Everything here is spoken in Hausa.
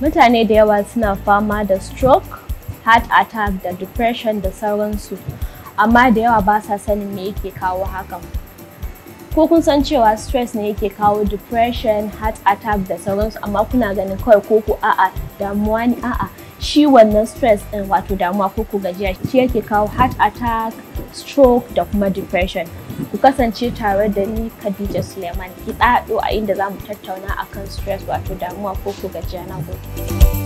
mutane da yawa suna fama da stroke heart attack da depression da sauransu amma da yawa ba sa sanin me yake kawo hakan ko kun san cewa stress ne yake kawo depression heart attack da sauransu amma kuna ganin kawai ko ku a'a damuwa ne a'a shi wannan stress ɗin wato damuwa ko ku gajiya shi yake kawo heart attack stroke da kuma depression ku kasance tare da ni Khadija Suleiman ki ɗaɗo a inda zamu tattauna akan stress wato damuwa ko ku gajiya na gobe.